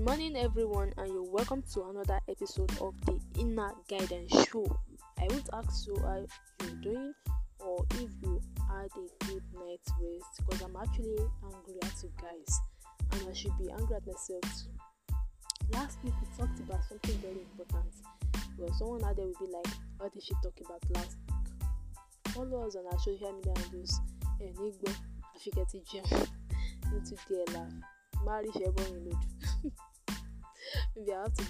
Good morning, everyone, and you're welcome to another episode of the Inner Guidance Show. I won't ask you how you're doing or if you had a good night's rest because I'm actually angry at you guys, and I should be angry at myself Last week, we talked about something very important. Well, someone out there will be like, What did she talk about last week? Follow us on our social media handles, Enigma, eh, Afiketi Gem, Into DLR, Marriage Everyone know. maybe I have to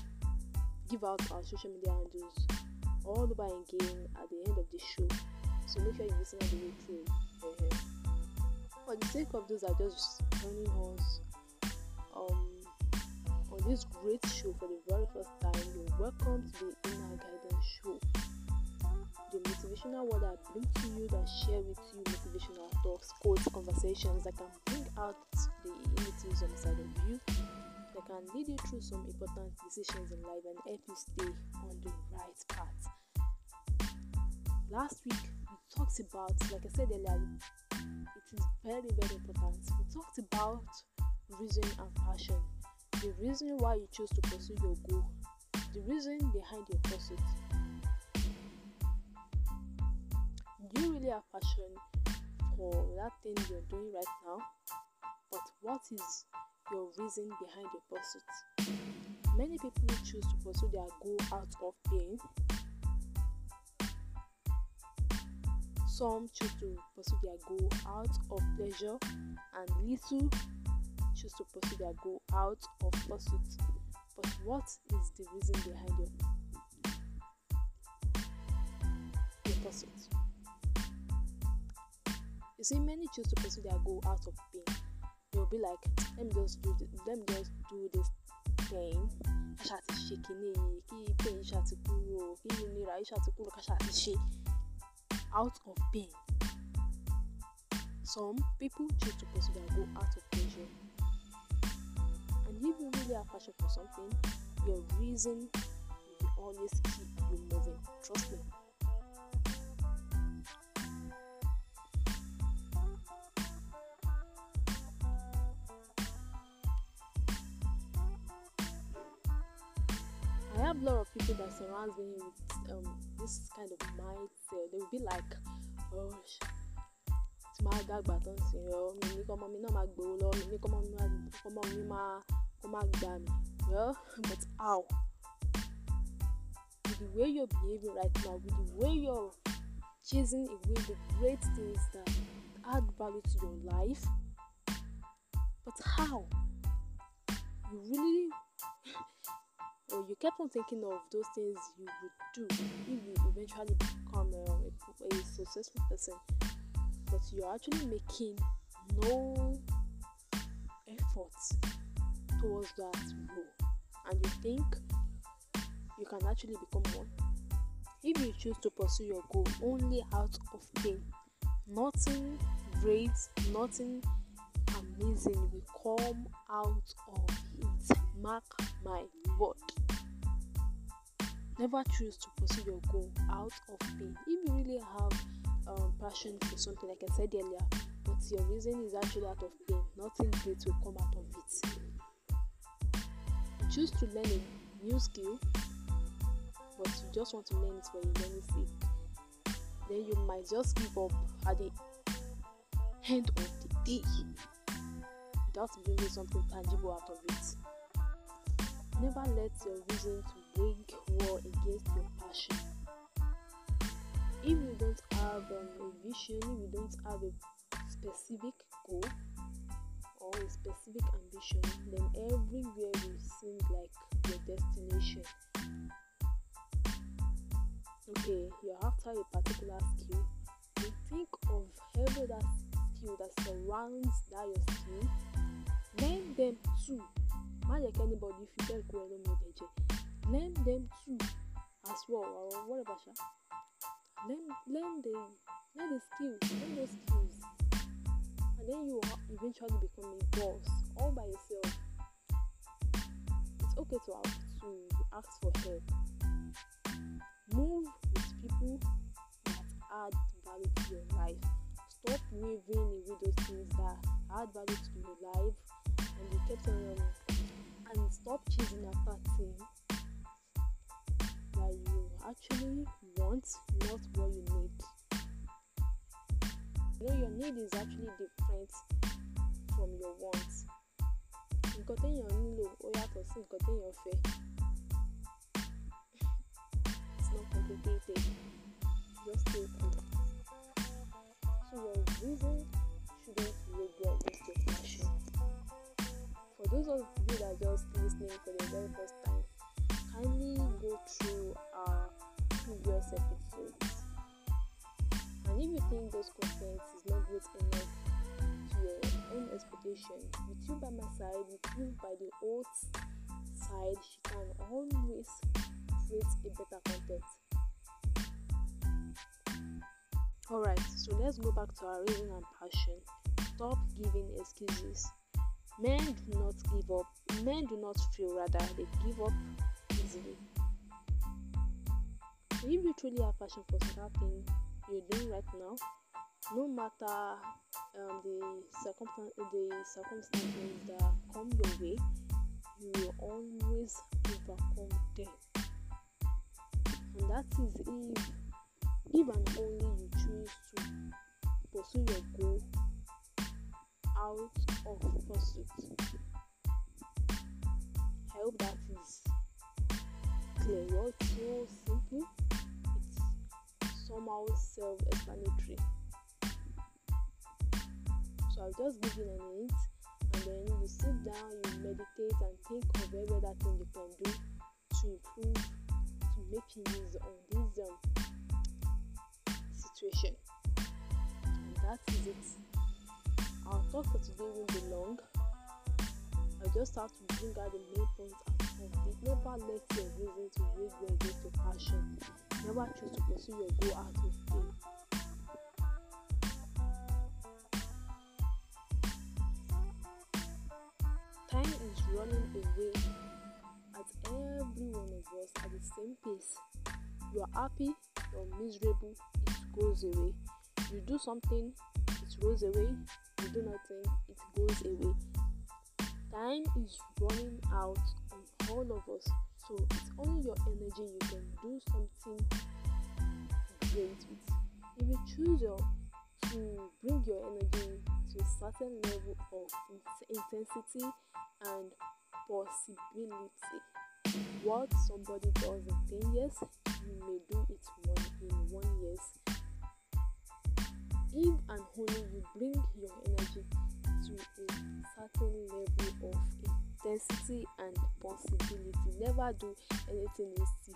give out our social media handles all over again at the end of the show. So make sure you listen all the way through. Uh-huh. For the sake of those that are just joining us um, on this great show for the very first time, you're welcome to the Inner Guidance Show. The motivational word I bring to you that share with you motivational talks, quotes, conversations that can bring out the natives on the side of you that can lead you through some important decisions in life and help you stay on the right path. Last week, we talked about, like I said earlier, it is very, very important. We talked about reason and passion. The reason why you choose to pursue your goal, the reason behind your pursuit. Do you really have passion for that thing you're doing right now? But what is your reason behind your pursuit. Many people choose to pursue their goal out of pain. Some choose to pursue their goal out of pleasure, and little choose to pursue their goal out of pursuit. But what is the reason behind your, your pursuit? You see, many choose to pursue their goal out of pain be like, let me just do, this, let me just do this thing. I shall ti it. kínní yìí pain ṣáà ti kúrò kí ìnira yìí ṣáà to cool. I ṣáà ti out of pain. Some people choose to pursue their goal out of pressure. And if you really have passion for something, your reason will always keep you moving. Trust me. have a lot of people that surrounds me with um, this kind of mindset. They will be like, oh, tí máa dàgbà tán sí Me oh, mi come, kọ́ ọmọ mi náà máa me lọ mi ní kọ́ ọmọ mi máa kó máa gbà mí well but how with the way you're behaving right now with the way you're chasing away the great things that add value to your life but how you really or you kept on thinking of those things you would do if you eventually become um, a, a successful person, but you're actually making no effort towards that goal, and you think you can actually become one. If you choose to pursue your goal only out of pain, nothing great, nothing amazing will come out of it. Mark my word. Never choose to pursue your goal out of pain. If you really have um, passion for something, like I said earlier, but your reason is actually out of pain, nothing great will come out of it. Choose to learn a new skill, but you just want to learn it when you learn it. Then you might just give up at the end of the day without bringing something tangible out of it. Never let your reason to wage war against your passion. If you don't have um, a vision, if you don't have a specific goal or a specific ambition, then everywhere will seem like your destination. Okay, you're after a particular skill. You think of every that skill that surrounds that your skill. Name them too. má anybody fi bẹ́ẹ̀ kú ẹ lómi learn them too as well or whatever sha learn learn the learn the skills learn those skills and then you will eventually become a boss all by yourself it's okay to ask to ask for help move with people that add value to your life stop waving away those things that add value to your life and you kept on running and stop chasing after things that you actually want, not what you need. You know, your need is actually different from your wants. nǹkan téèyàn nílò ó yàtọ̀ sí nǹkan téèyàn fẹ́ it's not complicated just take it so your reason shouldn't regret this definition for those of you that are just listening for the very first time kindly go through and if you think those content is not good enough to your own expectation, with you by my side, with you by the old side, she can always create a better content. Alright, so let's go back to our reason and passion. Stop giving excuses. Men do not give up. Men do not feel rather they give up easily if you truly have passion for something you're doing right now, no matter um, the circumstance, the circumstances that come your way, you will always overcome them. And that is if, if and only you choose to pursue your goal out of pursuit. I hope that is clear, well, so simple somehow self explanatory. So I'll just give you an hint and then you sit down, you meditate and think of every other thing you can do to improve, to make use on this um, situation. And that is it. Our talk for today will be long. I just have to bring out the main points conflict. Never let your reason to use your way to passion. Never choose to pursue your goal out of fear. Time is running away at every one of us at the same pace. You are happy, you are miserable, it goes away. You do something, it goes away. You do nothing, it goes away. Time is running out all of us. So it's only your energy you can do something great with. If you choose your to bring your energy to a certain level of intensity and possibility. What somebody does in 10 years, you may do it one in one year. If and only you bring your energy to a certain level of intensity and possibility. Never do anything easy.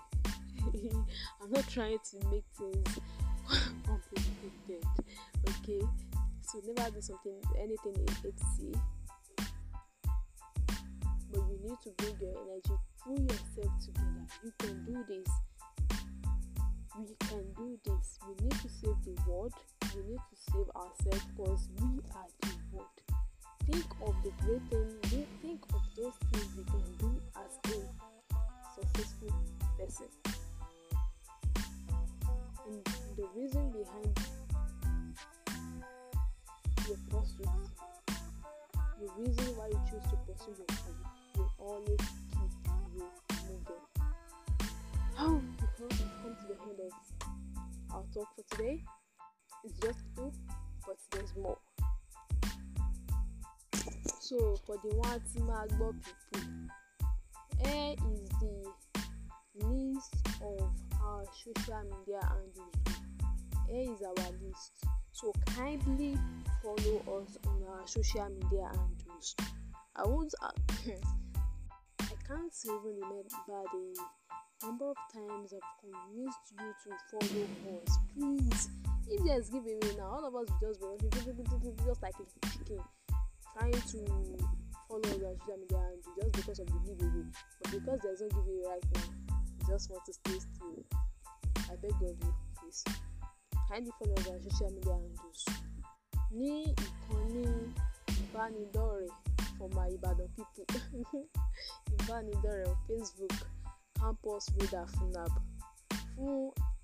I'm not trying to make things complicated. Okay, so never do something anything easy. But you need to bring your energy, pull yourself together. You can do this. We can do this. We need to save the world. We need to save ourselves because we are the world think of the great thing, think of our talk for today. It's just two, but there's more. So for the one Timagbo people, here is the list of our social media handles. Here is our list. So kindly follow us on our social media handles. I won't. I can't even remember the number of times I've convinced you to follow us. Please, if there's giving me now, all of us just be running just like a chicken, trying to follow us on social media and just because of the giveaway. But because there's no giveaway right now, you just want to stay still. I beg of you, please. Kindly follow us on social media handles. Ni ìkànnì ìbánidọ́rẹ̀ẹ́ for my Ibadan people. ìbánidọ́rẹ̀ẹ́ on Facebook. campus radar funab fún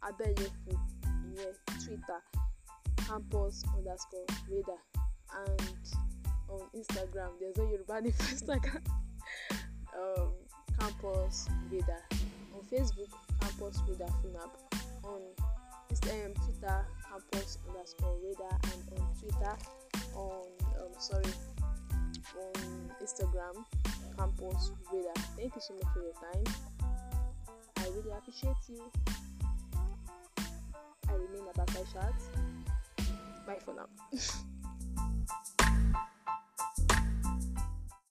abẹ́yẹfò ìyẹn twitter campus underscore radar and on instagram there's no yorùbá name for instagram um, campus radar on facebook campus radar funab on um, twitter campus underscore radar and on twitter on um, sorry on instagram campus radar thank you so much for your time I really appreciate you. I remain Abaka Shat. Bye for now.